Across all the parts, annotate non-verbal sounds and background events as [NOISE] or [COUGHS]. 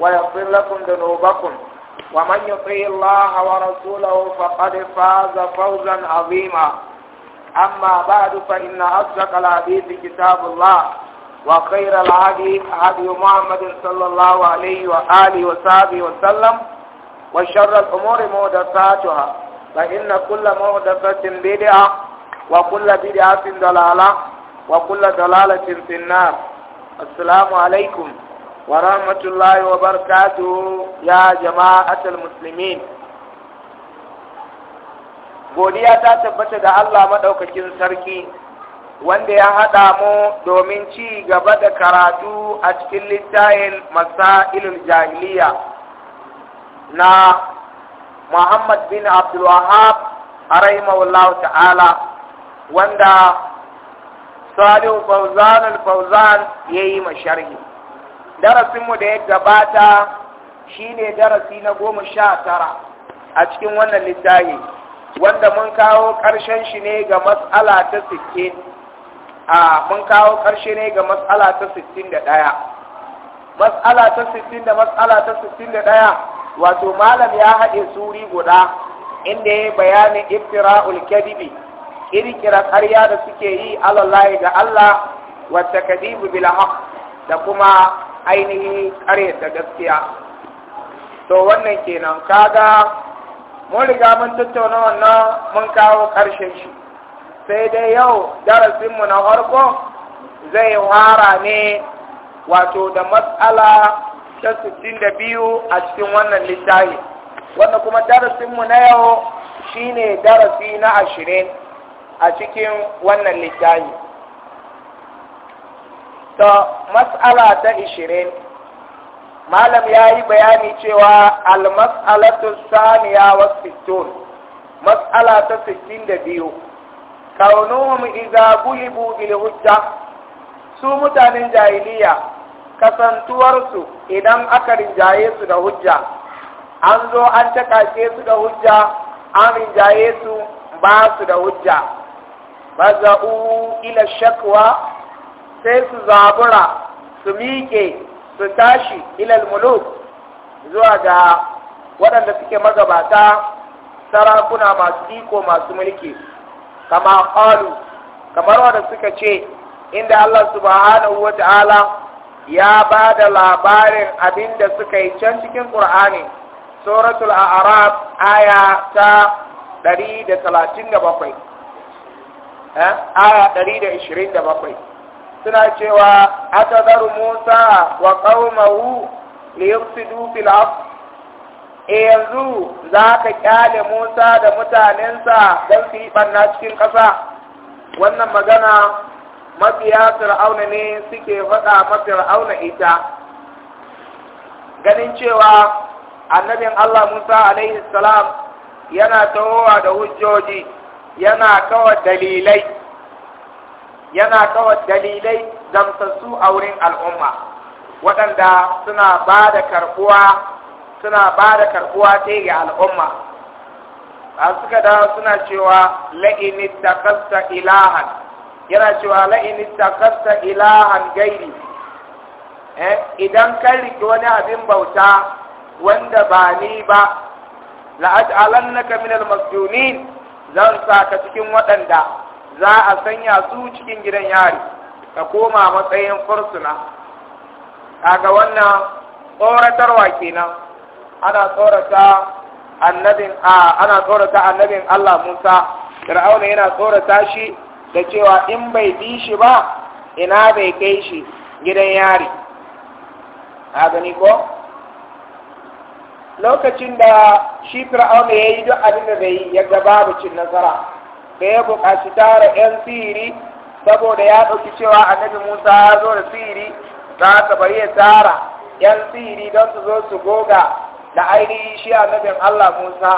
ويغفر لكم ذنوبكم ومن يطيع الله ورسوله فقد فاز فوزا عظيما أما بعد فإن أصدق الحديث كتاب الله وخير الهدي هدي محمد صلى الله عليه وآله وصحبه وسلم وشر الأمور محدثاتها فإن كل محدثة بدعة وكل بدعة ضلالة وكل ضلالة في النار السلام عليكم ورحمة الله وبركاته يا جماعة المسلمين godiya ta tabbata da Allah maɗaukakin sarki wanda ya haɗa mu domin ci gaba da karatu a cikin littayin masailul jahiliya na Muhammad bin Abdulwahab Wahab rahimahullahu ta'ala wanda Salihu Fawzan al-Fawzan yayi masharhi darasinmu da ya gabata shine darasi na goma sha tara a cikin wannan littafi wanda mun kawo ƙarshen shi ne ga matsala ta sittin a mun kawo ƙarshe ne ga matsala ta sittin da ɗaya matsala ta sittin da matsala ta sittin da ɗaya wato malam ya haɗe suri guda inda ya bayanin iftira'ul kadibi kirkira ƙarya da suke yi alallahi ga Allah wata kadibu bil haq da kuma ainihi da gaskiya to wannan kenan kaga mun riga mun tattauna wannan mun kawo ƙarshen shi sai dai yau darasinmu na farko zai fara ne wato da matsala ta biyu a cikin wannan littafi wanda kuma darasinmu na yau shine darasi na ashirin a cikin wannan littafi da mas'ala ta ishirin malam ya yi bayani cewa almas'alatu saniya wa sittun mas'ala ta sittin da biyu kaunuhum idza gulibu bil hujja su mutanen jahiliya kasantuwarsu idan aka rinjaye su da hujja an zo an takashe su da hujja an rinjaye su ba su da hujja baza'u ila shakwa sai su zabura su miƙe su tashi ilal muluk zuwa ga waɗanda suke magabata sarakuna masu iko masu mulki kama ƙalu kamar wanda suka ce inda Allah subhanahu wa ya ba da labarin abin da suka yi can cikin ƙur'ani suratul a'raf aya ta 137 eh, aya 127 suna cewa zaru Musa wa qaumahu li fil e yanzu za ka kyale Musa da mutanensa don su yi ɓanna cikin ƙasa wannan magana mafiya fir'auna ne suke faɗa mafir'auna ita ganin cewa annabin Allah Musa alaihi salam yana tawowa da hujjoji yana kawar dalilai yana kawar dalilai gamsassu a wurin al'umma waɗanda suna ba da karɓuwa suna ba da karɓuwa ta ga al'umma a suka da suna cewa la'ini kasta ilahan yana cewa la'ini kasta ilahan gairi eh, idan kan riƙe wani abin bauta wanda ba ni ba min minal masjunin zan sa ka cikin waɗanda za a sanya su cikin gidan yari ka koma matsayin fursuna kaga wannan tsoratarwa kenan ana tsorata annabin a ana tsorata annabin Allah Musa Fir'auna yana tsorata shi da cewa in bai bi shi ba ina bai kai shi gidan yari a gani ko lokacin da shi fir'auna ya yi duk abin da bai yi ya ga babu cin nasara da ya buƙaci tara 'yan sihiri saboda ya ɗauki cewa annabi musa ya zo da sihiri za ta bari ya tara 'yan sihiri don su zo su goga da ainihin shi annabin allah musa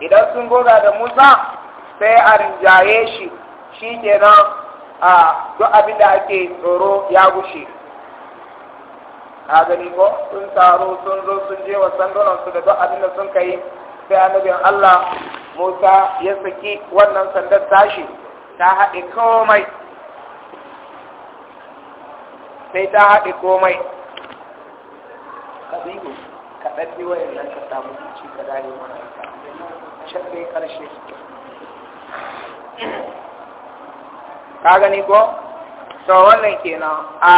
idan sun goga da musa sai a rinjaye shi shi kenan a duk abin da ake tsoro ya gushe a gani ko sun taro sun zo sun je wa sandunan su da duk abin da sun kai sai annabin Allah Musa ya saki wannan sandar tashi ta haɗe komai sai ta haɗe komai kabiru ka ɗaɗi nan ka samu zuci ka dare mana ita can dai ƙarshe ka gani ko to wannan kenan a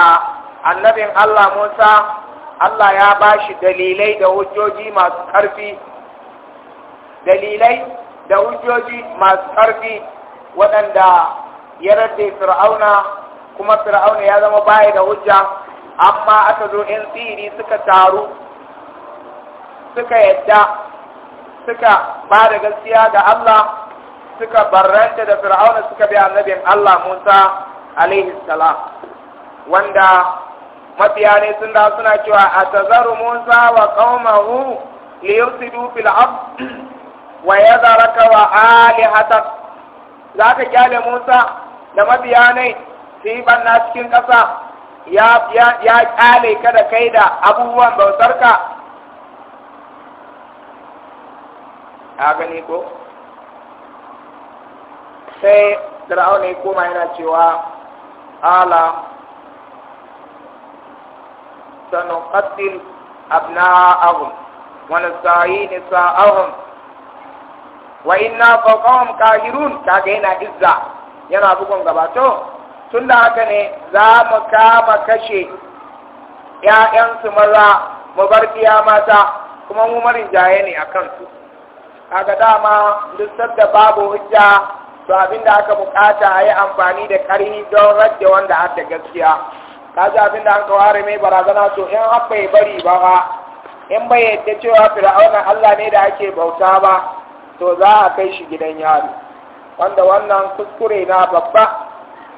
annabin Allah Musa Allah ya ba shi dalilai da hujjoji masu ƙarfi dalilai da hujjoji masu ƙarfi waɗanda ya rade fir'auna kuma fir'auna ya zama baya da hujja amma aka zo in tsiri suka taru suka yadda suka ba da gaskiya ga Allah suka barranta da fir'auna suka bi annabin Allah Musa alaihi wanda mafiya ne sun da suna cewa a tazaru Musa wa qaumahu li su fil wa yadharaka wa alihatak zaka kyale Musa da mabiyanai fi banna cikin ƙasa ya ya kyale ka da kai da abubuwan bautarka a gani ko sai fir'auna ya koma yana cewa ala sanuqatil abna'ahum wa nasayyi nisa'ahum wa inna kahirun ta ga yana izza yana bugun gaba to tunda haka ne za mu kama kashe ‘ya'yansu maza mu bar mata kuma mu marin jaye ne a kansu kaga dama duk sadda babu hujja to abinda aka bukata a yi amfani da ƙarfi don rage wanda har da gaskiya abin da an ware mai barazana to in abba bari ba in bai yadda cewa fir'auna Allah ne da ake bauta ba to za a kai shi gidan yaro wanda wannan kuskure na babba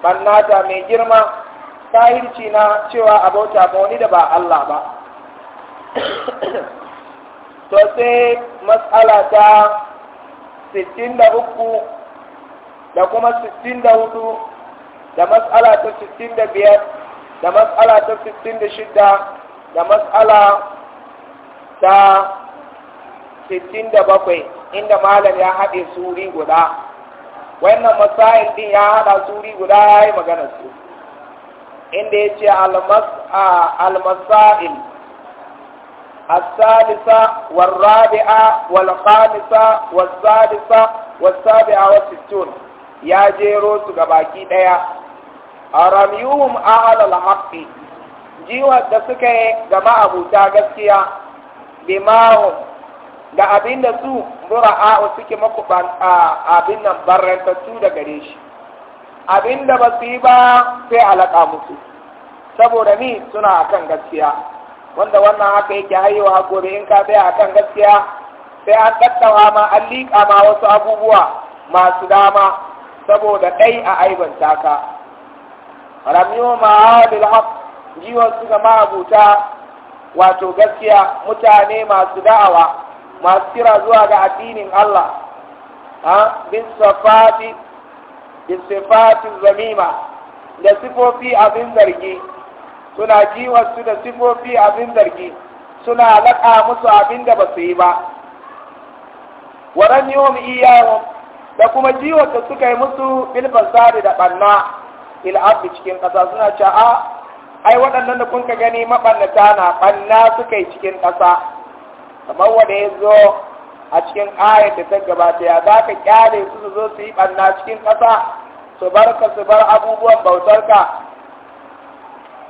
bannata mai girma hirci na cewa abota ma ba wani da ba Allah ba [COUGHS] to sai matsala ta 63 da kuma 64 da matsala ta 65 da matsala ta 66 da matsala ta 67 inda malam ya haɗe suri guda wannan masayin ɗin ya haɗa suri guda ya yi magana inda ya ce almasa'il a salisa wa rabi'a wa lafanisa wa salisa wa sabi'a wa situn ya jero su ga baki ɗaya a ramiyuhun a halal haƙi jiwa da suka yi gama abuta gaskiya bimahun da abin da su bura'a'u suke makuban abin nan su da gare shi abin da ba su yi ba sai alaƙa musu saboda ni suna akan gaskiya wanda wannan haka yake haihuwa gobe in ka tsaya akan gaskiya sai an tattawa ma an liƙa ma wasu abubuwa masu dama saboda ɗai a aibanta ka ramiyo ma'adil haf jiwon su ga ma'abuta wato gaskiya mutane masu da'awa masu kira zuwa ga addinin Allah ha bin safati bin safati zamima da sifofi abin zargi suna jiwarsu da sifofi abin zargi suna laƙa musu abin da ba su yi ba waran yiwon iyawon da kuma jiwarta suka yi musu bilfasari da ɓanna il'abi cikin ƙasa suna ca'a ai waɗannan da kun ka gani maɓannata na ɓanna suka yi cikin ƙasa kamar wanda ya zo a cikin ayat da ta gabata ya za ka kyale su su zo su yi ɓanna cikin ƙasa su bar ka su bar abubuwan bautar ka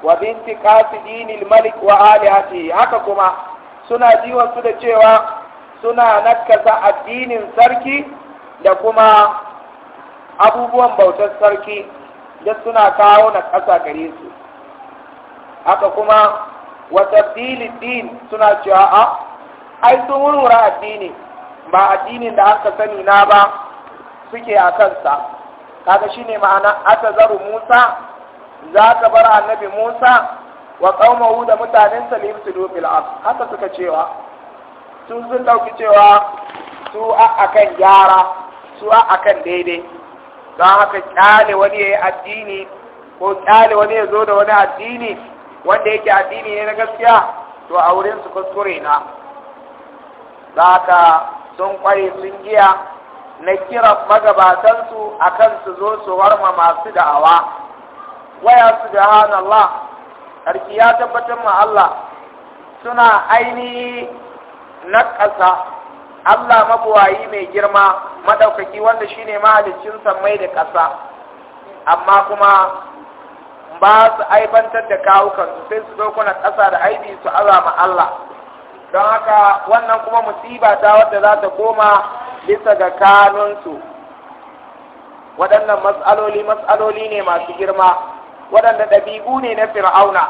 wa binti kasi dinil malik wa haka kuma suna jiwon su da cewa suna nakasa addinin sarki da kuma abubuwan bautar sarki da suna kawo na ƙasa gare su haka kuma wa tabdilid din suna cewa a ah, ai sun wurwura addini ba addinin da aka sani na ba suke a kansa kaga shine ma'ana aka zaru Musa za ka bar annabi Musa wa qaumahu da mutanen sa ne su haka suka cewa sun sun dauki cewa su a akan gyara su a akan daidai don haka kyale wani ya yi addini ko kyale wani ya zo da wani addini wanda yake addini ne na gaskiya to a wurin su kuskure na zaka sun kwaye sun giya na kira magabatansu a kan su zo su warma masu da'awa waya su Allah ƙarfi ya tabbatar ma Allah suna ainihi na ƙasa Allah mabuwayi mai girma maɗaukaki wanda shine mahalicin mai da ƙasa amma kuma ba su aibantar da kawukansu sai su zo kuna ƙasa da aibi su azama Allah don haka wannan kuma musiba ta wadda za ta koma bisa ga kanunsu waɗannan matsaloli matsaloli ne masu girma waɗanda ɗabi'u ne na fir'auna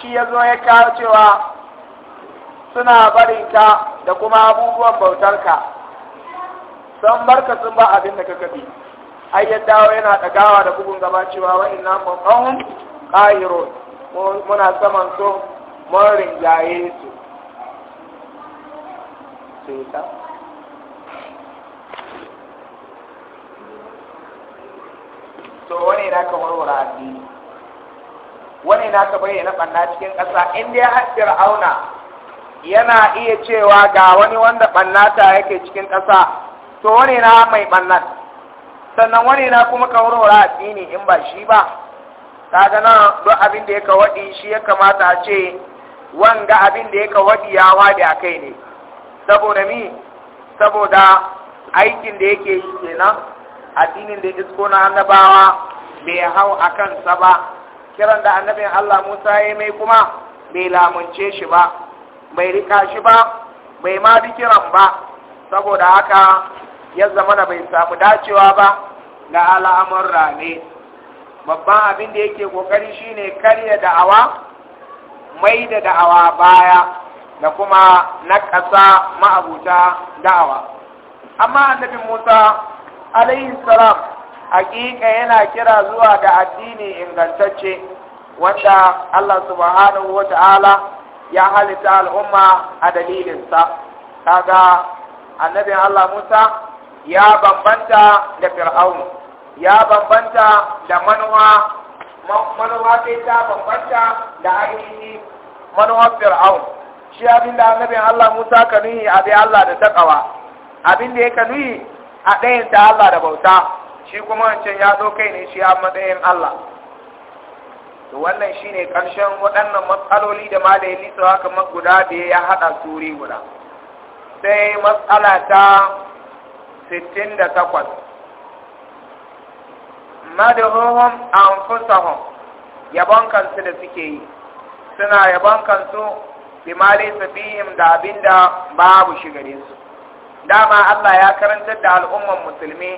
shi ya zo ya kawo cewa suna ka da kuma abubuwan bautarka sun barka sun ba abin da ka bi. ai ya dawo yana ɗagawa da bugun gaba cewa wa'in na mun ƙahiro muna saman so mun rinjaye su sun to wani na ka warware addini wani na ka bayyana ɓanna cikin ƙasa in dai har fir'auna yana iya cewa ga wani wanda ɓannata yake cikin ƙasa to wani na mai ɓannat sannan wani na kuma ka warware addini in ba shi ba kaga nan duk abin da ya waɗi shi ya kamata a ce wanga abin da ya waɗi ya wade a kai ne saboda mi saboda aikin da yake yi kenan addinin da isko na annabawa bai hau a kansa ba kiran da annabin Allah Musa ya mai kuma bai lamunce shi ba bai rika shi ba bai ma bi kiran ba saboda haka ya zama na bai samu dacewa ba ga al'amur rane babban abin da yake kokari shine karya da'awa mai da da'awa baya da kuma na ƙasa ma'abuta da'awa amma annabi musa alayhi salam hakika yana kira zuwa ga addini ingantacce wanda allah subhanahu wa ta'ala ya halitta al'umma a dalilinsa kaga annabin allah musa ya bambanta da fir'aun ya bambanta da manuwa manuwa ta bambanta da ainihi manuwar fir'aun shi abin da annabin Allah Musa ka nuhi a bai Allah da takawa abin da ya ka nuhi a ɗayan ta Allah da bauta shi kuma wancan ya zo kai ne shi a matsayin Allah to wannan shi ne ƙarshen waɗannan matsaloli da ma da ya lisa haka guda da ya haɗa turi guda sai matsala ta 68 madahuhum anfusahum yabon kansu da suke yi suna yabon kansu bima laysa fihim da abinda babu shi gare su dama Allah ya karantar da al'umman musulmi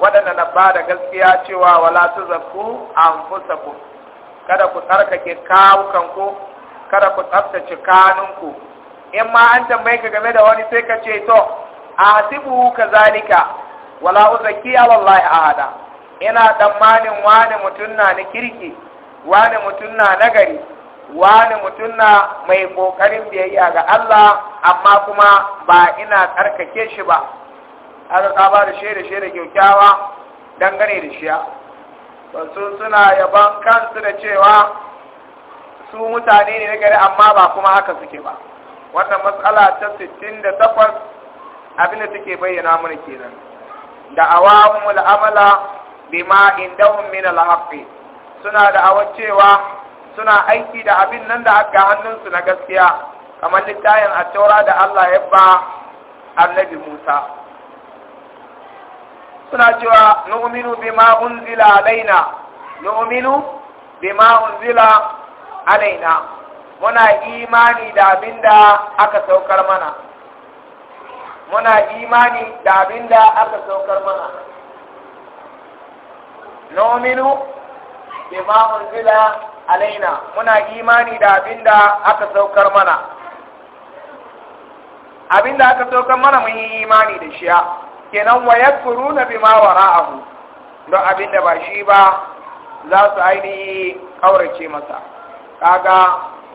waɗanda na ba da gaskiya cewa wala tuzakku anfusakum kada ku tsarkake kawukanku kada ku tsaftace kanunku in ma an tambaye ka game da wani sai ka ce to asibu kazalika wala uzakki wallahi ahada ina tsammanin wani mutum na na kirki wani mutum na nagari wani mutum na mai ƙoƙarin biyayya ga Allah amma kuma ba ina tsarkake shi ba aka ba da shaida shaida kyaukyawa dangane da shiya wasu suna yaban kansu da cewa su mutane ne na gari amma ba kuma haka suke ba wannan matsala ta 68 abinda take bayyana mana kenan da awahumul amala bima indahum min al suna da awan cewa suna aiki da abin nan da aka hannunsu na gaskiya kamar littayin a taura da Allah ya ba annabi Musa suna cewa nu'minu bima unzila alaina nu'minu bima unzila alaina muna imani da abin da aka saukar mana muna imani da abin da aka saukar mana nu'minu bima unzila alaina muna imani da abinda aka saukar mana abinda aka saukar mana mun yi imani da shi kenan wa yakfuruna bima wara'ahu don abinda ba shi ba za su ainihi kaurace masa kaga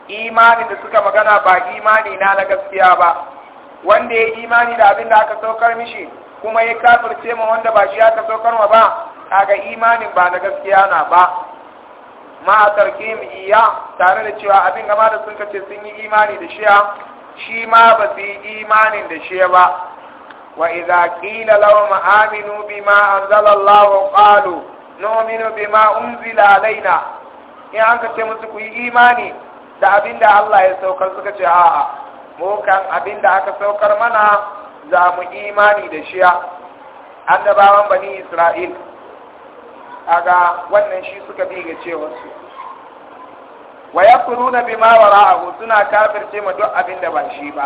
imani da suka magana ba imani na na gaskiya ba wanda ya imani da abinda aka saukar mishi kuma ya kafirce ma wanda ba shi aka saukarwa ba kaga imanin ba na gaskiya na ba ma tarkim iya tare da cewa abin gama da sun kace sun yi imani da shiya shi ma ba su yi imanin da shi ba wa idza qila lahum aminu bima anzala Allah qalu nu'minu bima unzila alaina in an ce musu ku yi imani da abin da Allah ya saukar suka ce a'a mu kan abin da aka saukar mana za mu imani da shiya annabawan bani Isra'il aga wannan shi suka bi ga su. wa yakfuruna bima wara'ahu suna kafirce ma duk abin da ba shi ba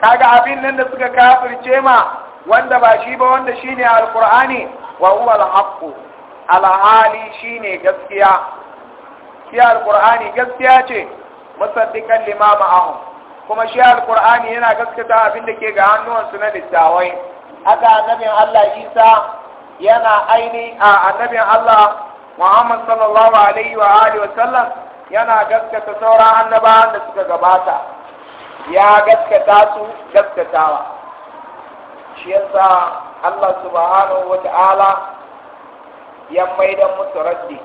kaga abin nan da suka kafirce ma wanda ba shi ba wanda shine alqur'ani wa huwa alhaqqu alhali shine gaskiya shi alqur'ani gaskiya ce musaddiqan lima ma'ahum kuma shi alqur'ani yana gaskata abin da ke ga hannuwansu na littawai haka annabin Allah Isa yana aini a annabin Allah Muhammad sallallahu alaihi wa alihi wa sallam yana gaskata sauran annabawan da suka gabata ya gaskata su gaskatawa shi yasa Allah subhanahu wa ta'ala ya maida musu raddi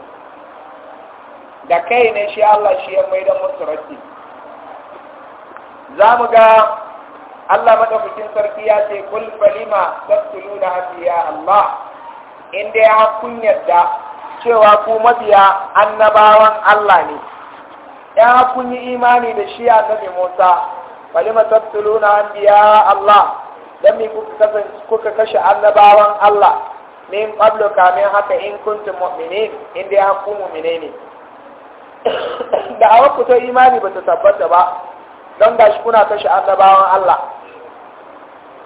da kai ne shi Allah shi ya maida musu raddi za mu ga Allah madaukakin sarki ya ce kul falima tattuluna ya Allah in dai ya kun yadda cewa ku mabiya annabawan Allah ne ya kun yi imani da shi annabi Musa falima tattuluna anbiya Allah dan me kuka kuka kashe annabawan Allah min qablu kamin haka in kuntum mu'minin in dai haku mu'mine ne [COUGHS] da awa ku ta imani ba ta tabbata ba don gashi kuna kashe annabawan Allah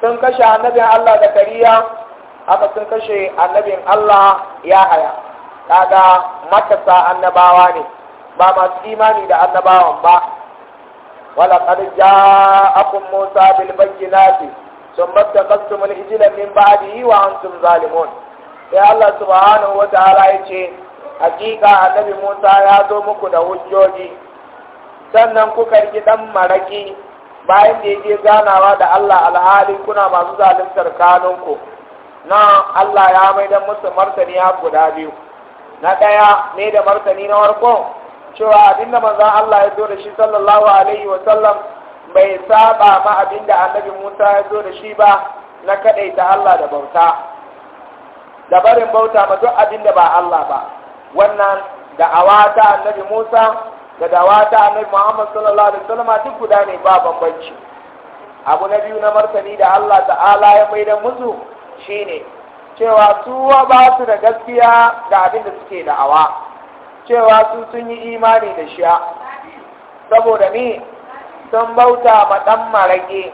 sun kashe annabin Allah da kariya haka sun kashe annabin Allah ya haya kaga matasa annabawa ne ba masu imani da annabawan ba wala qad ja'akum musa bil bayyinati thumma taqattum al ijla min ba'dihi wa antum zalimun sai Allah subhanahu wa ta'ala yace hakika annabi Musa ya zo muku da hujjoji sannan kuka yi dan maraki bayan da yake ganawa da Allah alhali kuna masu zaluntar kanunku na Allah ya maida musu martani ya guda biyu na ɗaya ne da martani na farko cewa abinda manzan Allah ya zo da shi sallallahu alaihi wa sallam bai saba ma abinda annabi Musa ya zo da shi ba na ta Allah da bauta da barin bauta ma duk abinda ba Allah ba wannan da awata annabi Musa da dawa ta annabi Muhammad sallallahu alaihi wa sallam duk guda ne ba bambanci abu na biyu na martani da Allah ta'ala ya maida musu shine cewa su ba su da gaskiya da abin da suke da'awa cewa su sun yi imani da shiya saboda ni sun bauta ma ɗan maraƙi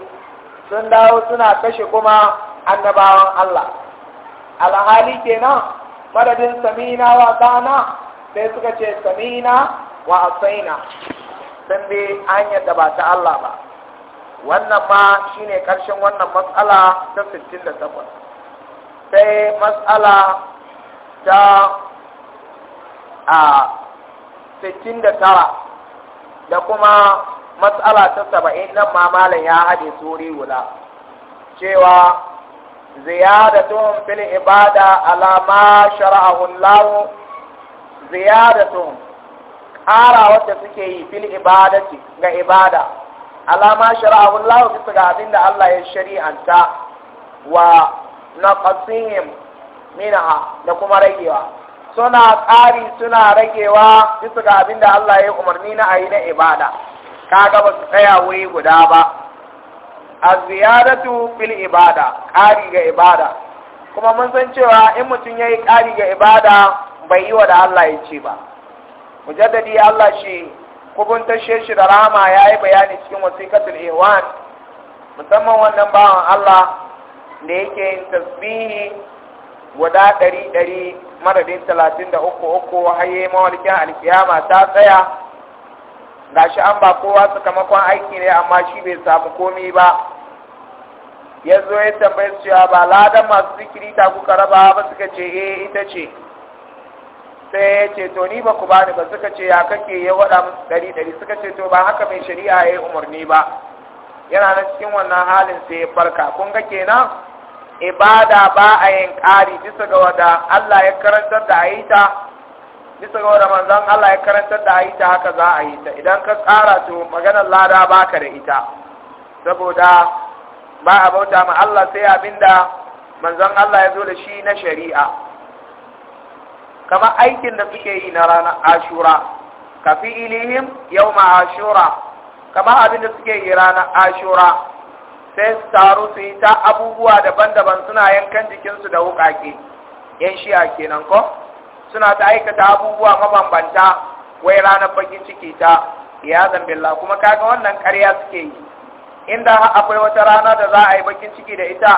sun dawo suna kashe kuma annabawan Allah alhali kenan madadin samina wa tsana sai suka ce samina wa asaina sun bi hanyar da ba ta Allah ba wannan ma shine karshen wannan matsala ta 68 sai matsala ta a 69 da kuma matsala ta 70 nan ma malam ya haɗe suri guda cewa ziyadatun fil ibada ala ma shara'ahu Allah ziyadatun ƙara wacce suke yi fil ibadati ga ibada alama shara'ahu Allah bisa ga abin da Allah ya shari'anta wa naqasihim minha da kuma ragewa suna ƙari suna ragewa bisa ga abin da Allah ya umarni na ayi na ibada kaga ba su tsaya wuri guda ba a ziyaratu ibada ƙari ga ibada kuma mun san cewa in mutum ya yi ƙari ga ibada bai yi wa da Allah ya ce ba mujaddadi Allah shi kubuntashe shi da rama ya yi bayani cikin wasikatul ewan musamman wannan bawan Allah da yake yin tasbihi guda ɗari ɗari madadin talatin da uku uku haye mawalikin alkiyama ta tsaya Ga shi an ba kowa sakamakon aiki ne amma shi bai samu komi ba ya zo ya tambaye cewa ba ladan masu zikiri ta kuka raba ba suka ce eh ita ce sai ya ce to ni ba ku bani ba suka ce ya kake ya waɗa musu ɗari ɗari suka ce to ba haka mai shari'a ya yi umarni ba yana nan cikin wannan halin sai ya farka kun ga kenan ibada ba a yin ƙari bisa ga wada Allah ya karantar da ayita bisa ga wada manzon Allah ya karantar da ayita haka za a yi ta idan ka ƙara to maganar lada baka da ita saboda ba a bauta ma Allah sai abinda manzon Allah ya zo da shi na shari'a kamar aikin da suke yi na ranar ashura ka fi ilihim yau ma ashura kamar abin da suke yi ranar ashura sai su taru su yi ta abubuwa daban-daban suna yankan jikinsu da wukake yan shiya kenan ko suna ta aikata abubuwa mabambanta wai ranar bakin ciki ta ya zambilla kuma kaga wannan karya suke yi inda akwai wata rana da za a yi bakin ciki da ita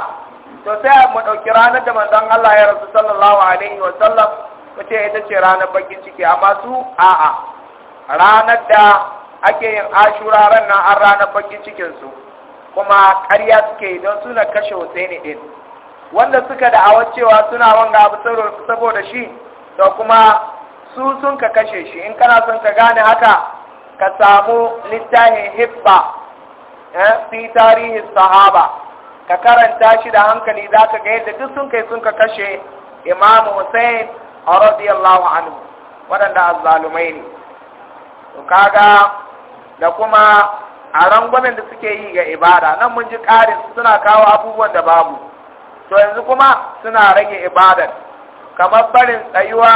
to sai mu ɗauki ranar da manzon Allah ya rasu sallallahu alaihi wa sallam mu ce ita ce ranar bakin ciki amma su a'a ranar da ake yin ashura ran nan an ranar bakin cikinsu kuma ƙarya suke don suna kashe hussaini din wanda suka da'awar cewa suna wanga abu saboda shi da kuma su sun ka kashe shi in kana son ka gane haka ka samu littafin hibba eh, fi tarihin sahaba ka karanta shi da hankali za ka ga yadda duk sun kai sun ka kashe imam hussein a radiyallahu anhu waɗanda azzalumai ne to kaga da kuma a rangwamen da suke yi ga ibada nan mun ji ƙarin suna kawo abubuwan da babu to yanzu kuma suna rage ibadar kamar barin tsayuwa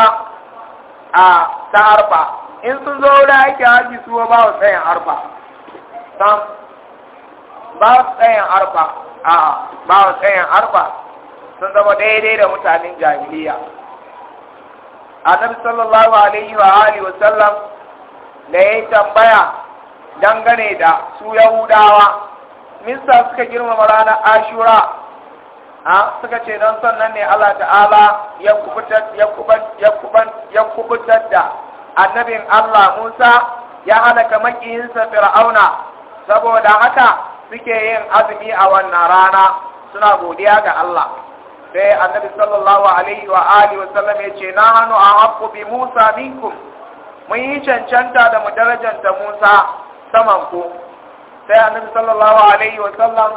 a ta harfa in sun zo wurin aiki haji su ba su tsayin harfa san ba su tsayin harfa a ba su tsayin harfa sun zama daidai da mutanen jahiliya annabi sallallahu alaihi wa alihi wa sallam da ya tambaya dangane da su yahudawa mista suka girmama ranar ashura a suka ce don sannan ne allah ta'ala ya kubutar da annabin allah musa ya halaka makiyinsa fir'auna saboda haka suke yin azumi a wannan rana suna godiya ga allah sai annabi sallallahu alaihi wa alihi wa sallam ya ce na hannu a bi musa minkum mun yi cancanta da mu darajanta musa saman ko. sai annabi sallallahu alaihi wa sallam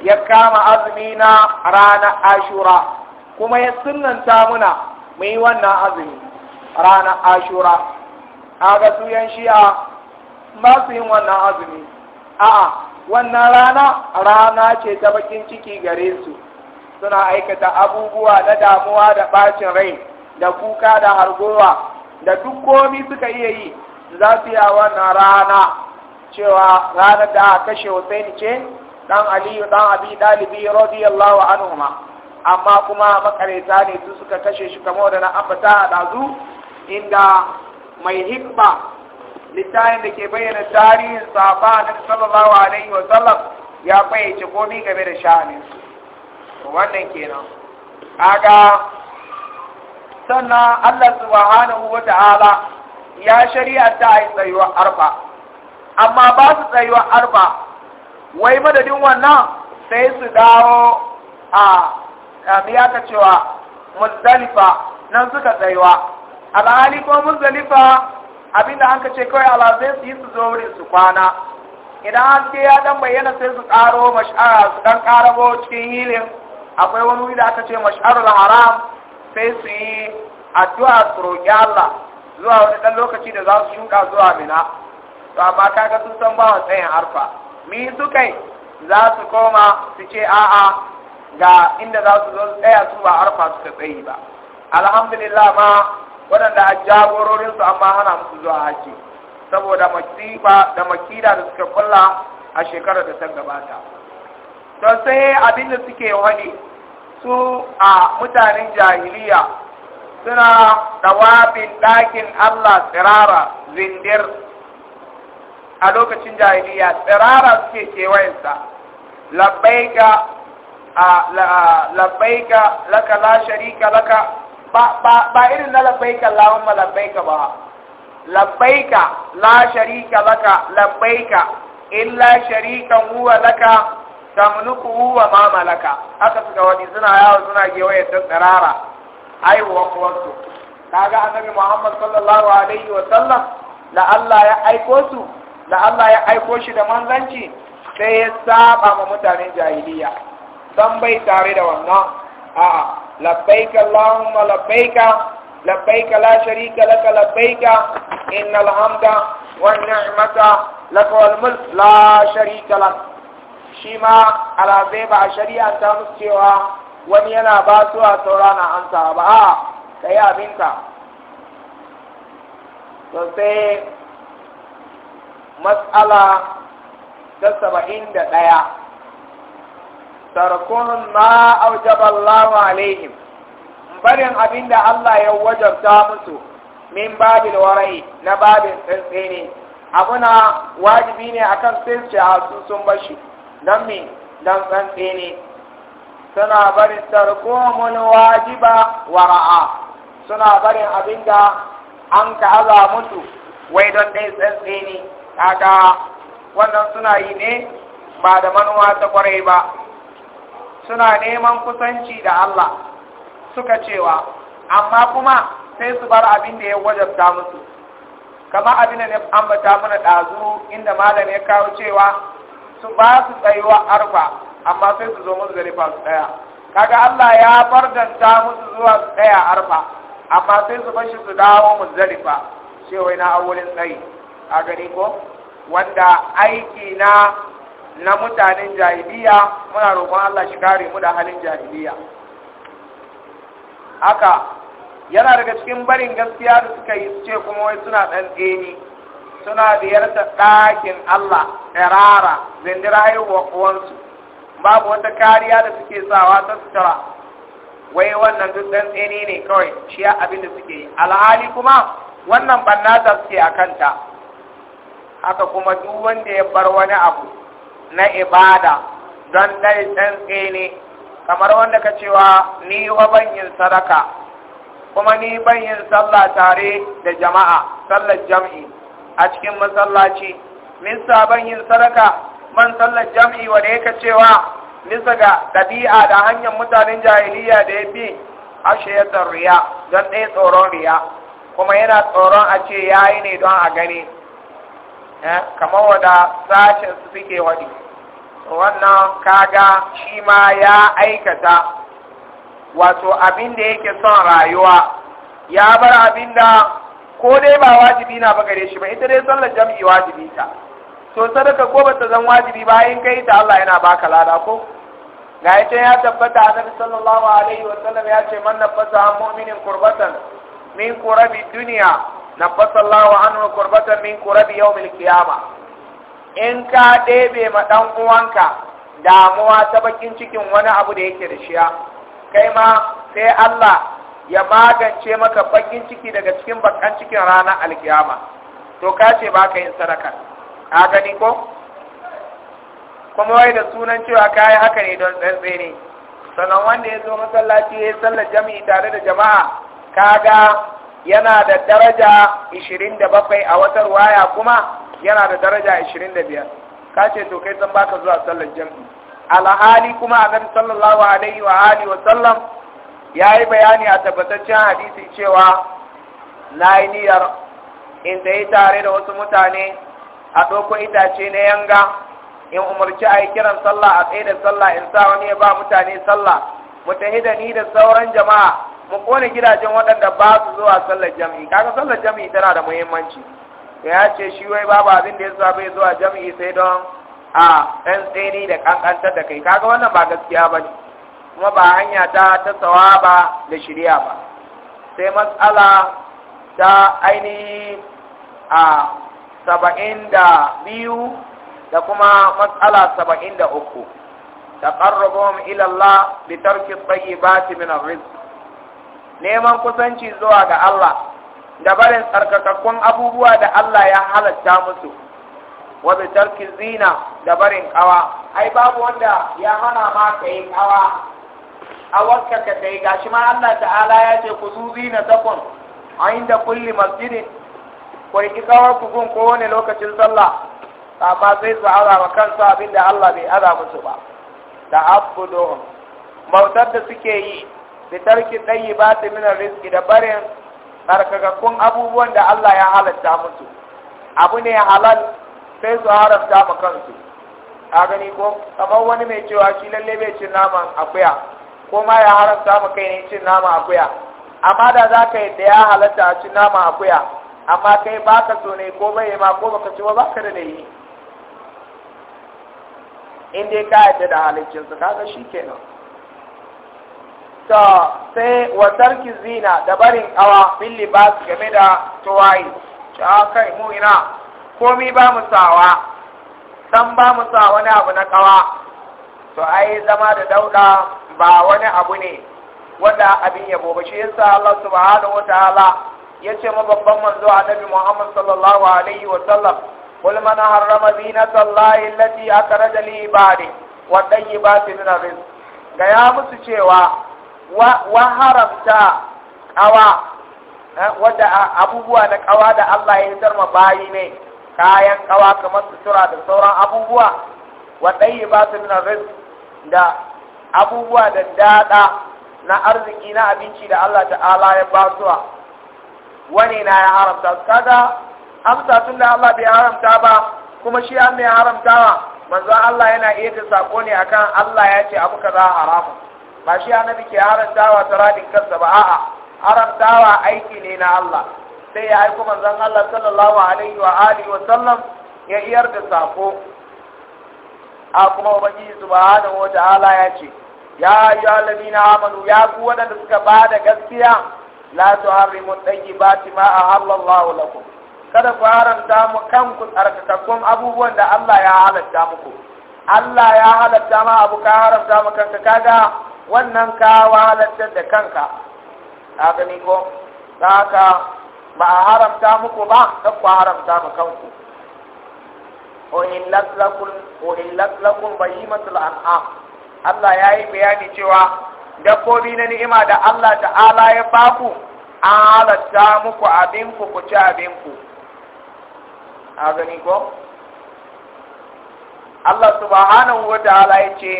ya kama azumi na ranar ashura kuma ya sunanta muna mu yi wannan azumi ranar ashura kaga su yan shi'a ba su yin wannan azumi a'a wannan rana rana ce ta bakin ciki gare su suna aikata abubuwa na damuwa da bacin rai da kuka da hargowa da duk komi suka iya yi za su yi a wannan rana cewa ranar da aka kashe Hussein ce dan Aliyu dan Abi Dalibi radiyallahu anhuma amma kuma makareta ne su suka kashe shi kamar da na abata a dazu inda mai hikma littafin da ke bayyana tarihin sahaba na sallallahu alaihi wa sallam ya fayyace komai game da sha'anin su wannan kenan kaga sannan Allah subhanahu wa ta'ala ya shari'a ta yi tsayuwar arba. amma ba su tsayuwa arba wai madadin wannan sai su dawo a miyaka cewa muzdalifa nan suka tsayuwa alhali kuma muzdalifa abinda an ka ce kawai alhazai su yi su zo wurin su kwana idan haske ya dan bayyana sai su karo mashara su dan karabo cikin hilin akwai wani wuri da aka ce masharul haram sai su yi addu'a su roƙi Allah zuwa wani dan lokaci da za su shuka zuwa mina to amma kaga sun san bawa tsayin arfa mi su kai za su koma su ce a'a ga inda za su zo tsaya su ba arfa suka tsayi ba alhamdulillah ma waɗanda a jagororinsu amma hana musu zuwa haji saboda masifa da makida da suka kulla a shekarar da ta gabata to sai abin da suke wani su a mutanen jahiliya suna dawafin ɗakin Allah tsirara zindir a lokacin jahiliya tsirara suke kewayensa labbaika ga laka la sharika laka ba irin na ma Allahumma labbaika ba ka la sharika laka labbaika illa sharikan huwa laka tamnuku huwa ma malaka haka suka wani suna yawo suna gewaye ta tsirara aiwa kuwansu kaga annabi Muhammad sallallahu alaihi wa sallam da Allah ya aiko su da Allah ya aiko shi da manzanci sai ya saba ma mutanen jahiliya don bai tare da wannan a'a labbaika allahumma labbaika labbaika la sharika laka labbaika innal hamda wan ni'mata laka wal mulk la sharika lak shi ma alazai ba a shari'a ta musu cewa wani yana ba su a saurana an sa ba a kai abinka to matsala ta saba'in da ɗaya tarkun ma aujaballahu alaihim barin abinda Allah ya wajabta musu min babin warai na babin tsantsene abuna wajibi ne akan tsince a sun bashi don min don tsantsene suna barin tarkumun wajiba wara'a suna barin abin an ka'aza musu wai don ɗai tsantsene kaga wannan suna yi ne ba da manuwa ta kwarai ba suna neman kusanci da Allah suka cewa amma kuma sai su bar abin da ya wajabta musu kama abin da ne ambata mana ɗazu inda malam ya kawo cewa su ba su tsayuwa arfa amma sai su zo musu da rifa su tsaya kaga Allah ya fardanta musu zuwa su tsaya arfa amma sai su bashi su dawo muzdalifa cewa na awulin tsayi a gani ko wanda aiki na na mutanen jahiliya muna roƙon Allah shi kare mu da halin jahiliya haka yana daga cikin barin gaskiya da suka yi ce kuma wai suna ɗan tseni suna ziyartar ɗakin Allah tsirara zindira haihuwa uwansu babu wata kariya da suke sawa ta sutura wai wannan duk ɗan tseni ne kawai shi abin da suke yi alhali kuma wannan ɓannata suke a kanta haka kuma duk wanda ya bar wani abu na ibada don dai tsantsi ne kamar wanda ka cewa ni wa ban yin sadaka kuma ni ban yin sallah tare da jama'a sallar jam'i a cikin masallaci minsa ban yin sadaka man sallar jam'i wanda yake cewa bisa ga ɗabi'a da hanyar mutanen jahiliya da ya fi a ashiyatar riya don ɗaya tsoron riya kuma yana tsoron a ce ya yi ne don a gani Eh, kamar wada sashen su suke wadi wannan kaga shi ma ya aikata wato abin da yake son rayuwa ya bar abin da ko dai ba wajibi na ba gare shi ba ita dai sallar jam'i wajibi ta to sadaka ko bata zan wajibi ba in kai ta Allah yana baka lada ko ga ita ya tabbata annabi sallallahu alaihi wa sallam ya ce man nafasa mu'minin qurbatan min qurabi dunya an anhu qurbatan min yau yawmil qiyama in ka ɗebe ma ɗan uwanka damuwa ta bakin cikin wani abu da yake da shiya kai ma sai Allah ya magance maka bakin ciki daga cikin bakan cikin ranar alkiyama to ka ce ba ka yin sadaka a gani ko kuma wai da sunan cewa ka yi haka ne don tsantsi ne sannan wanda ya zo masallaci ya yi sallar jami'i tare da jama'a kaga yana da daraja 27 a wata ruwaya kuma yana da daraja 25 ka ce to kai zan baka zuwa sallar jami'i alhali kuma a gani sallallahu alaihi wa hali wa sallam yi bayani a tabbataccen hadisi cewa nayi niyyar in yi tare da wasu mutane a doko itace na yanga in umarci a yi kiran sallah a tsaye da sallah in sa wani ya ba mutane sallah mutahida ni da sauran jama'a mu kone gidajen waɗanda ba su zuwa sallar jami'i kaga sallar jami'i tana da muhimmanci da ya ce shi wai babu abin da ya sa bai zuwa jami'i sai don a ɗan tsini da ƙanƙantar da kai kaga wannan ba gaskiya ba ne kuma ba hanya ta ta sawaba da shirya ba sai matsala ta ainihi a saba'in da biyu da kuma matsala saba'in da uku تقربهم إلى الله بترك الطيبات من الرزق neman kusanci zuwa ga Allah da barin tsarkakakkun abubuwa da Allah ya halatta musu wa bi tarki zina da barin kawa ai babu wanda ya hana ma yi kawa a wakka ka kai gashi ma Allah ta'ala ya ce ku zuzi na takon. a inda kulli masjidin ku yi kawar ku gun kowane lokacin sallah amma sai su azaba kansu abinda Allah bai aza musu ba da abudu bautar da suke yi bi tarki ta min riski da barin kun abubuwan da Allah ya halatta musu abu ne halal sai su haramta mu kansu a gani ko kamar wani mai cewa shi lalle bai cin naman akuya ko ma ya haramta mu kai ne cin naman akuya amma da za ka yi da ya halatta a cin naman akuya amma kai ba ka so ne ko bai ma ko baka ci ba ba ka da yi in dai ka yadda da ka ga shi kenan ta sai wa tarki zina da barin awa fil libas game da tuwayi ta kai mu ina komi ba mu sawa dan ba mu sa wani abu na kawa to ai zama da dauda ba wani abu ne wanda abin yabo ba shi yasa Allah subhanahu wataala yace ma babban manzo annabi Muhammad sallallahu alaihi wa sallam qul man harrama zinata allahi allati akhraja li ibadi wa tayyibati min rizq ga ya musu cewa wa haramta kawa eh, wadda abubuwa na kawa da Allah ya zarma bayi ne kayan kawa kamar sutura da sauran abubuwa waɗanda ba su nuna da abubuwa da daɗa na arziki na abinci da Allah ta'ala ya ba basuwa wani na ya haramta kaga amsa tun da Allah bai haramta ba kuma shi an mai haramtawa manzo Allah yana iya ta sako ne akan Allah ya ce abu kaza haramun ba shi annabi ke harantawa ta radin kansa ba a'a harantawa aiki ne na Allah sai ya aiko manzon Allah sallallahu alaihi wa alihi wa sallam ya iyar da sako a kuma ubangiji subhanahu wa ta'ala ya ce ya ayu ladina amanu ya ku wadanda suka bada gaskiya la tuharrimu tayyibati ma ahallallahu lakum kada ku haramta mu kanku tsarkakakkun abubuwan da Allah ya halatta muku Allah ya halatta ma abu ka haramta mu kanka kaga wannan ka wahalar da kanka ka gani ko za ka ba a haramta muku ba ta ku haramta mu kanku O'hin ohillat bayi bahimatul an'am Allah ya yi bayani cewa dabbobi na ni'ima da Allah ta'ala ya baku an halatta muku abinku ku ci abinku a gani ko Allah subhanahu wa ta'ala ya ce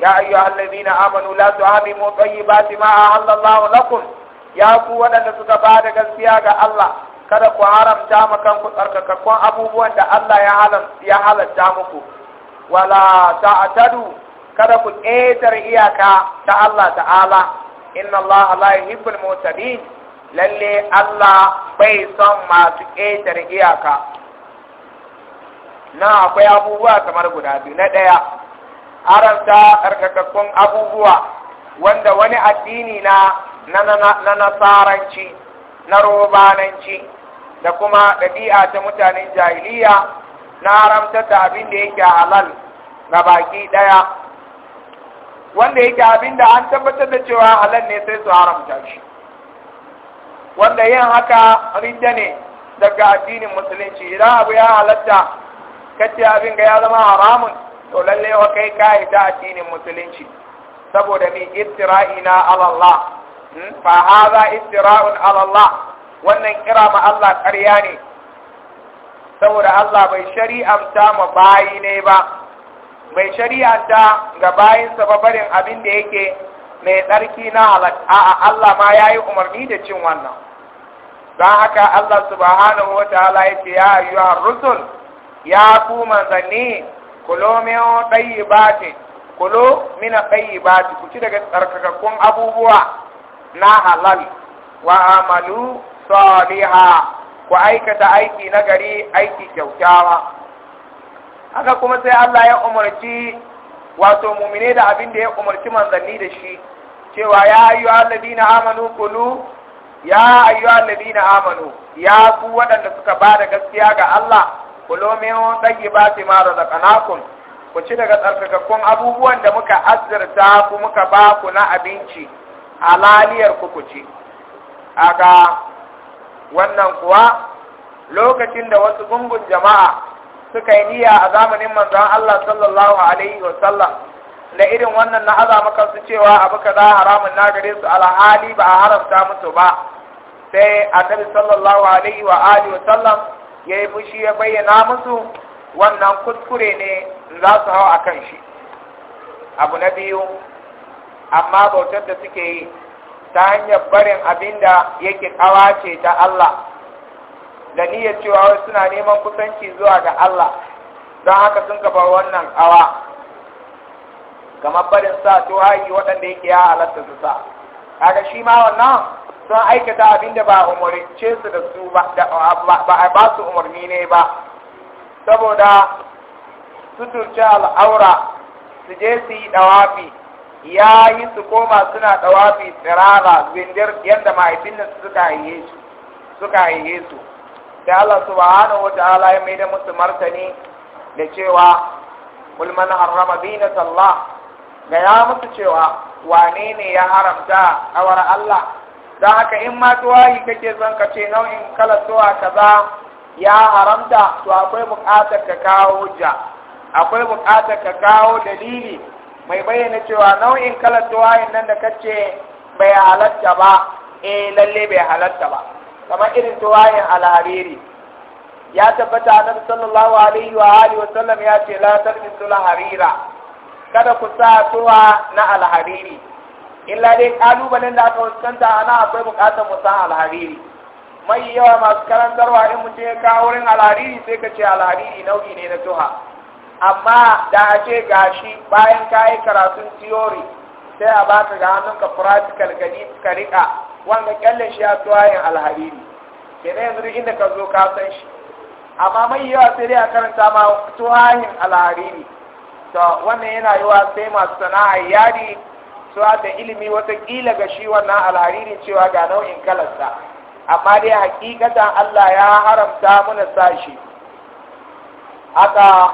يا أيها الذين آمنوا لا تهاجموا طيبات ما أحل الله لكم يا ku waɗanda suka ba da gaskiya ga Allah kada ku haramta ma kanku tsarkakakkun abubuwan da Allah ya halatta muku wala ta'tadu kada ku ƙetar iyaka ta Allah ta'ala inna Allah la yuhibbul mu'tadin lalle Allah bai son masu ƙetar iyaka na akwai abubuwa kamar guda biyu na ɗaya haramta karkatattun abubuwa wanda wani addini na na nasaranci na robananci da kuma ɗabi'a ta mutanen jahiliya na haramta ta abin da yake halal na baki ɗaya wanda yake abin da an tabbatar da cewa halal ne sai su haramta shi wanda yin haka ridda ne daga addinin musulunci idan abu ya halatta kace abin ga ya zama haramun to lalle wa kai ka ita addinin musulunci saboda ni iftira'ina ala Allah hmm? fa hadha iftira'un ala Allah wannan kira ma Allah ƙarya ne saboda Allah bai shari'anta ma bayi ne ba bai shari'anta ga bayinsa ba barin abin da yake mai tsarki na halatta Allah ma yayi umarni da cin wannan don haka Allah subhanahu wa ta'ala ya ce ya ayyuhar rusul ya ku manzanni kulo min tayyibatin kulo min tayyibati ku ci daga tsarkakakkun abubuwa na halal wa amalu saliha ku aikata aiki na gari aiki kyautawa haka kuma sai Allah ya umarci wato mumine da abin da ya umarci manzanni da shi cewa ya ayyu alladina amanu kulu ya ayyu alladina amanu ya ku waɗanda suka ba da gaskiya ga Allah kulo min tayyibati ma razaqnakum ku ci daga tsarkakakkun abubuwan da muka azurta ku muka ba ku na abinci halaliyar ku ku ci ga wannan kuwa lokacin da wasu gungun jama'a suka yi niyya a zamanin manzon Allah sallallahu alaihi wa da irin wannan na azama su cewa abu za haramun na gare su alhali ba a haramta musu ba sai annabi sallallahu alaihi wa alihi wa sallam ya yi fushi ya bayyana musu wannan kuskure ne za su hau a kan shi abu na biyu amma bautar da suke yi ta hanyar barin abin da yake kawace ta Allah da niyyar cewa wai suna neman kusanci zuwa ga Allah don haka sun kafa wannan kawa kamar barin sa tuwa yi waɗanda yake ya halatta su sa kaga shi ma wannan sun aikata abin da ba umarce su da su ba a ba su umarni ne ba saboda suturce al'aura su je su yi dawafi ya yi su koma suna ɗawafi tsirara zindir yadda mahaifin da suka haihe su suka haihe su da Allah subhanahu wa ta'ala ya maida musu martani da cewa ulman na harrama na sallah ga ya musu cewa wane ne ya haramta awar Allah don haka in ma tuwayi kake son ka ce nau'in kala tuwa kaza ya haramta to akwai buƙatar ka kawo ja akwai buƙatar ka kawo dalili mai bayyana cewa nau'in kalar tuwayin nan da kace bai halatta ba eh lalle bai halatta ba kamar irin tuwayin alhariri ya tabbata annabi sallallahu alaihi wa alihi wa sallam ya ce la tarbisul harira kada ku sa tuwa na alhariri illa dai kalubalen da aka fuskanta ana akwai bukatar musan alhariri mai yawa masu karantarwa in mutum ya kawo wurin alhariri sai ka ce alhariri nau'i ne na tuha amma da a ce gashi bayan ka yi karatun theory sai a baka ga hannunka practical gani ka riƙa wanda kyalle shi ya tuwa yin alhariri kenan yanzu duk inda ka zo ka san shi amma mai yawa sai dai a karanta ma tuwa yin alhariri to wannan yana yiwa sai masu sana'a yadi gamsuwa da ilimi watakila ga shi wannan alharirin cewa ga nau'in kalarsa amma dai hakikatan Allah ya haramta muna sa shi haka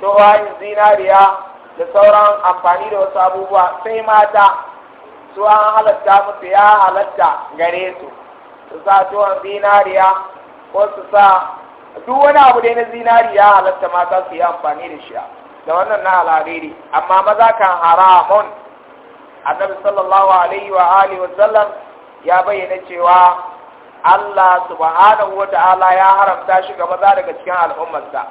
tuhayin zinariya da sauran amfani da wasu abubuwa sai mata su an halatta musu ya halatta gare su su sa tuwon zinariya ko su sa duk wani abu dai na zinari ya halatta mata su yi amfani da shi da wannan na alhariri amma maza kan haramun annabi sallallahu alaihi wa alihi wasallam ya bayyana cewa Allah subhanahu wa ta'ala ya haramta shi ga maza daga cikin al'ummarsa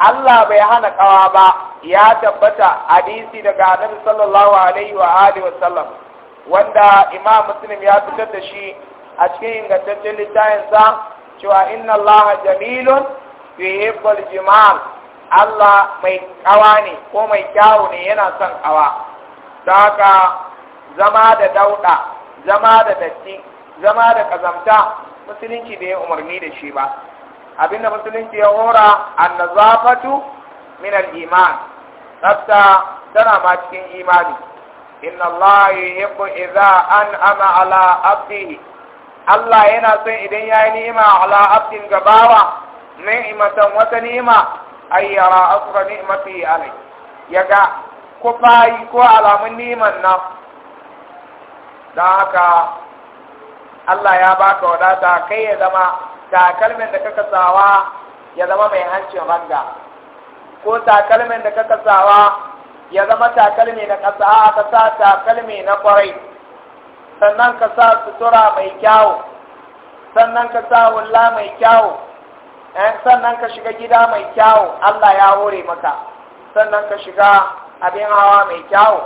Allah bai hana kawa ba ya tabbata hadisi daga annabi sallallahu alaihi wa alihi wasallam wanda imam muslim ya fitar da shi a cikin ingantaccen littafinsa cewa inna Allah jamilun yuhibbul jimal Allah mai kawa ne ko mai kyawu ne yana son kawa ta haka zama da dauɗa zama da datti zama da kazamta musulunci da ya umarni da shi ba abinda musulunci ya hora annazafatu min al-iman tsafta tana ma cikin imani inna Allah yuhibbu idza an'ama ala abdihi Allah yana son idan yayi ni'ima ala abdin gabawa niimatan wata ni'ima ayyara yara asra ni'mati alai yaga ko fayi ko alamun neman nan don haka Allah ya baka wadata kai ya zama takalmin da kaka sawa ya zama mai hancin ranga ko takalmin da kaka sawa ya zama takalmi na ƙasa a ka sa takalmi na kwarai sannan ka sa sutura mai kyawu sannan ka sa wula mai kyawu eh, sannan ka shiga gida mai kyawu Allah ya hore maka sannan ka shiga abin hawa mai kyawu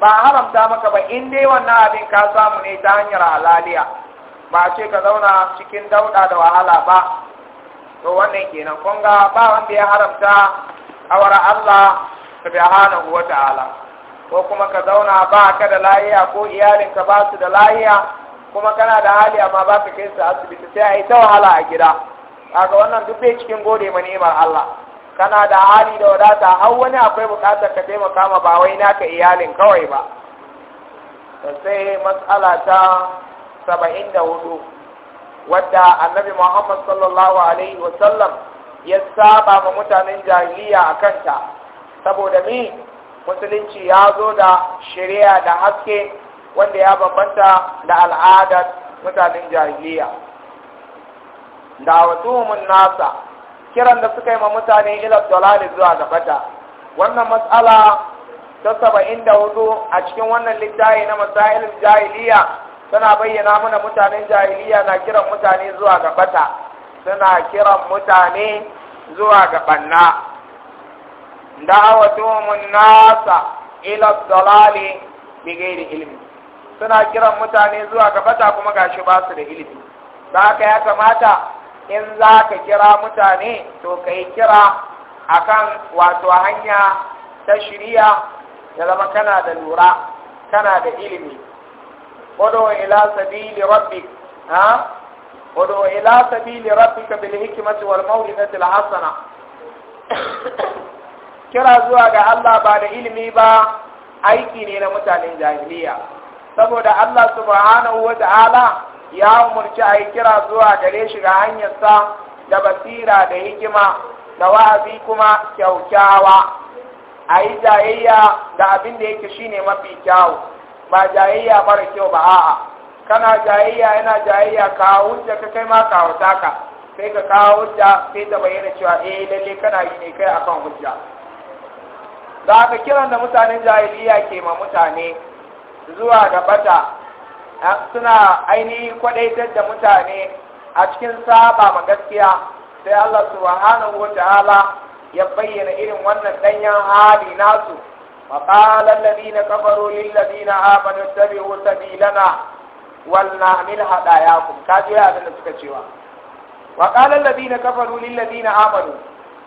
ba haramta maka ba in dai wannan abin ka samu ne ta hanyar halaliya ba ce ka zauna cikin dauda da wahala ba to wannan kenan kun ba wanda ya haramta awar Allah subhanahu wa ta'ala ko kuma ka zauna ba ka da lahiya ko iyalinka ba su da lahiya kuma kana da hali amma ba ka kai su asibiti sai a yi ta wahala a gida kaga wannan duk bai cikin gode ma ni'imar Allah kana da hali da wadata har wani akwai bukatar ka taimaka ma ba wai naka iyalin kawai ba sai matsala ta saba'in da hudu wadda annabi muhammad sallallahu alaihi sallam ya saba ma mutanen jahiliya a kanta saboda mi musulunci ya zo da shari'a da haske wanda ya bambanta da al'adar mutanen jahiliya da mun nasa kiran da suka yi ma mutane ila dalali zuwa ga wannan matsala ta saba'in da hudu a cikin wannan littafi na masailin jahiliya tana bayyana mana mutanen jahiliya na kiran mutane zuwa ga suna kiran mutane zuwa ga banna mun nasa ila dalali bighairi ilmi suna kiran mutane zuwa ga kuma gashi ba su da ilimi da haka ya kamata in za ka kira mutane to ka yi kira a kan wato hanya ta shirya ya zama kana da lura kana da ilimi wadda ila sabili rabbi ha ila sabili rabbi ka bil hikimati wal mawridati al hasana kira zuwa ga Allah ba da ilimi ba aiki ne na mutanen jahiliya saboda Allah subhanahu wa ta'ala ya umarci a yi kira zuwa gare shi ga sa da basira da hikima da wa'azi kuma kyaukyawa a yi jayayya da abin da yake shine mafi kyawu ba jayayya mara kyau ba a'a kana jayayya yana jayayya kawo hujja ka kai ma kawo taka sai ka kawo hujja sai ta bayyana cewa eh lalle kana yi ne kai akan hujja Da aka kiran da mutanen jahiliya ke ma mutane zuwa ga bata suna ainihi kwadaitar da mutane a cikin saba ma gaskiya sai Allah subhanahu wa ta'ala ya bayyana irin wannan danyen hali nasu kafaru lil ladina amanu tabi'u sabilana wal ولنعمل hadayakum kaje ya da suka cewa alladhina kafaru lil ladina amanu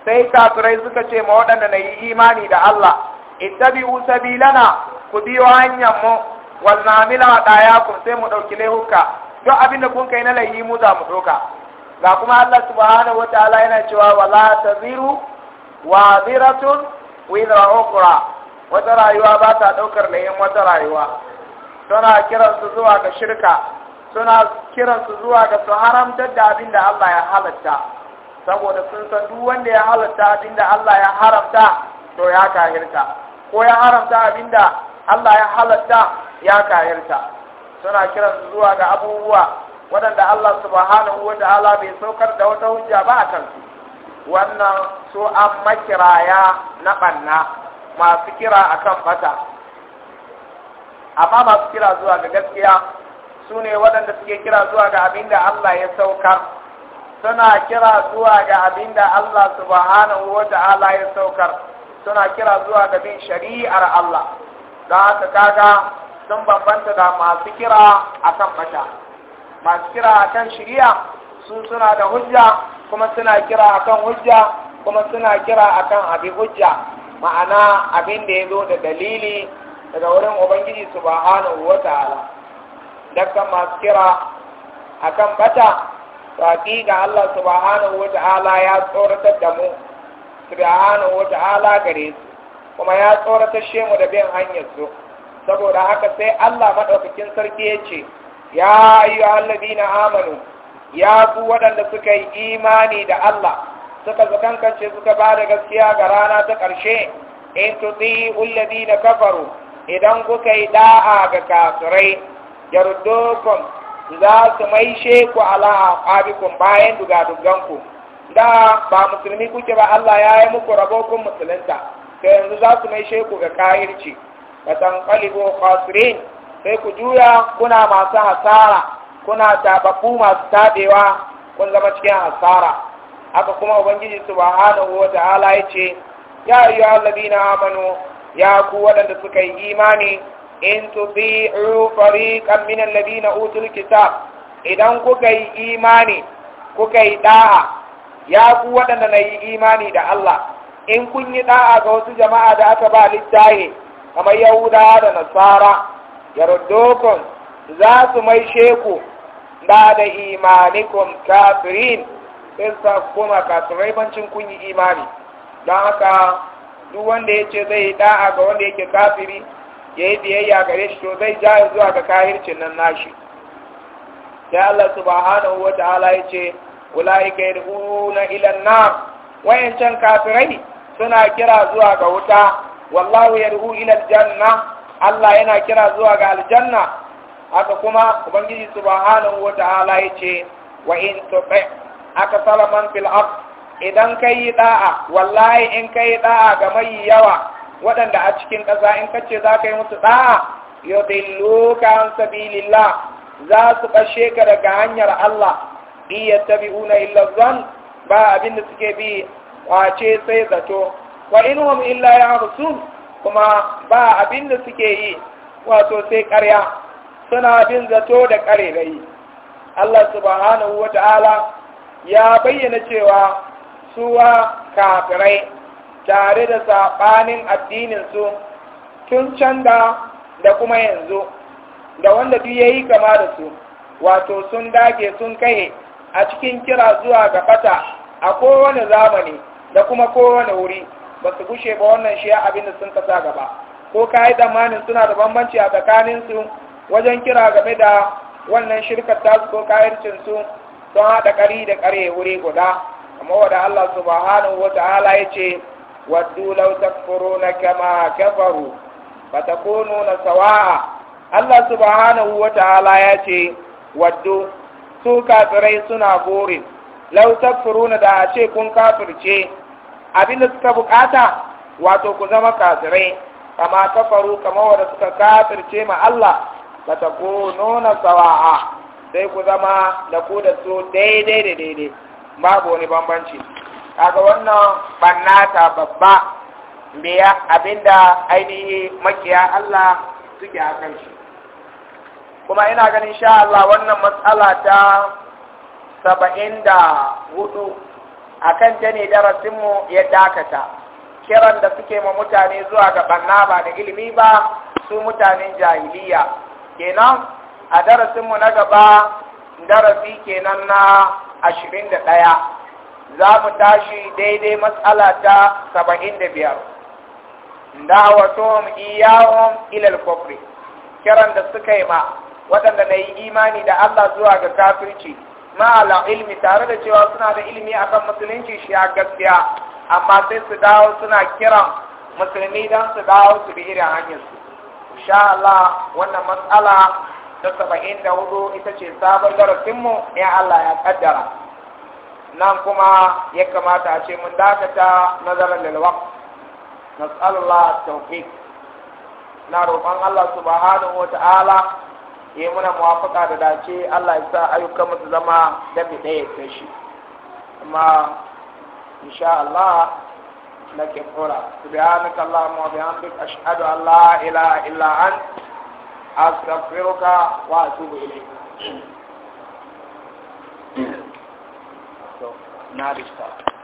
sai kafirai suka ce ma waɗanda na yi imani da Allah ittabi'u sabilana ku biyo hanyar mu wa zamila wa sai mu dauki laihuka duk abin da kun kai na laihi mu za mu doka ga kuma Allah subhanahu wataala yana cewa wala taziru wa ziratun idra ukra wata rayuwa ba ta daukar laihin wata rayuwa suna kiran su zuwa ga shirka suna kiran su zuwa ga su haramtar da abin da Allah ya halatta saboda sun san duk wanda ya halatta abin da Allah ya haramta to ya kahirta ko ya haramta abin da Allah ya halatta ya kayarta suna kiran zuwa ga abubuwa waɗanda Allah subhanahu wa ta'ala bai saukar da wata hujja ba a kansu wannan su an makiraya na ɓanna masu kira akan fata amma masu kira zuwa ga gaskiya su ne waɗanda suke kira zuwa ga abin da Allah ya saukar suna kira zuwa ga abin da Allah subhanahu wa ta'ala ya saukar suna kira zuwa ga bin shari'ar Allah don haka kaga sun bambanta da masu kira akan bata masu kira akan shiriya sun suna da hujja kuma suna kira akan hujja kuma suna kira akan abin hujja ma'ana abin da ya zo da dalili daga wurin ubangiji subhanahu wataala dakkan masu kira akan bata tafi ga Allah su ba wata ala ya tsoratar da mu su wata ala gare su kuma ya tsoratar shemu da bin hanyar su saboda haka sai Allah madaukakin sarki ya ce ya yi ayyuhal na amanu ya ku waɗanda suka yi imani da Allah suka zukankance suka ba da gaskiya ga rana ta ƙarshe in na na kafaru idan kuka yi ɗa'a ga kasurai, yardokun za su maishe ku ala aqabikum bayan dugaduganku da ba musulmi kuke ba Allah ya yi muku rabokun musulunta yanzu za su maishe ku ga kahirci fatanqalibu khasirin sai ku juya kuna masu hasara kuna tababu masu taɓewa, kun zama cikin hasara haka kuma ubangiji subhanahu wata'ala yace ya na amanu ya ku waɗanda suka yi imani in tuti'u fariqan minal ladina utul kitab idan kuka yi imani kuka yi ɗa'a, ya ku waɗanda na yi imani da Allah in kun yi ɗa'a ga wasu jama'a da aka ba littaye kamar yahuda da nasara yardokun za su mai sheku da da kafirin sai sa kuma kafirai bancin kun yi imani don haka duk wanda ya ce zai da'a ga wanda yake kafiri ya yi biyayya gare shi to zai ja zuwa ga kahircin nan nashi sai Allah subhanahu wa ta'ala ya ce ula'ika yi da ilan nar wayancan kafirai suna kira zuwa ga wuta wallahu ruhu ila aljanna Allah yana kira zuwa ga aljanna haka kuma ubangiji subhanahu wata'ala yace wa in tuqa aka salaman fil ard idan kai da'a wallahi in kai da'a ga mai yawa wadanda a cikin ƙasa in kace za ka yi musu da'a yudilluka an sabilillah za su kashe ka daga hanyar Allah iya tabi'una illa zan ba abinda suke bi kwace sai zato wa inhum illa ya yahsun kuma ba abin da suke yi wato sai ƙarya suna bin zato da yi. Allah subhanahu ta'ala ya bayyana cewa suwa kafirai tare da saɓanin addininsu tun can da da kuma yanzu da wanda duk ya kama da su wato sun dage sun kai a cikin kira zuwa ga fata a kowane zamani da kuma kowane wuri ba su gushe ba wannan shi abin da sun kasa gaba ko ka yi damanin suna da bambanci a tsakaninsu wajen kira game da wannan shirkar tasu ko kayarcinsu sun haɗa ƙari da ƙare wuri guda Amma wadda Allah subhanahu wa ta'ala ya ce waddu law na kama kafaru na sawa'a Allah subhanahu wa ta'ala ya ce waddu su kafirai suna burin law na da a ce kun kafirce Abin da suka bukata wato ku zama kafirai kama kafaru kama wanda suka kafirce ma Allah ku nuna sawa'a sai ku zama da ku da su daidai da daidai babu wani bambanci kaga wannan bannata babba biya abinda ainihi makiya Allah suke akan shi kuma ina ganin sha Allah wannan matsala ta saba'in da hudu akan ta ne darasinmu ya dakata kiran da suke ma mutane zuwa ga banna ba da ilimi ba su mutanen jahiliya kenan a darasinmu na gaba darasi kenan na ashirin da ɗaya za mu tashi daidai matsala ta saba'in da biyar da'awatuhum ila ilal kufri kiran da suka yi ma waɗanda na yi imani da Allah zuwa ga kafirci ma'ala ilmi tare da cewa suna da ilimi akan musulunci shi a gaskiya amma sai su dawo suna kiran musulmi don su dawo su bi irin hanyarsu insha Allah wannan matsala ta saba'in da hudu ita ce sabon darasinmu ya Allah ya kaddara nan kuma ya kamata a ce mun dakata nazarar lalwaq matsalar tawfiq na roƙon Allah subhanahu wa ta'ala yi eh, muna muwafaka da dace Allah ya sa ayyukan mu zama dabi ɗaya da shi kuma insha Allah nake fura subhanaka allahumma wa bihamdika ashhadu an la ilaha illa ant astaghfiruka wa atubu ilayk na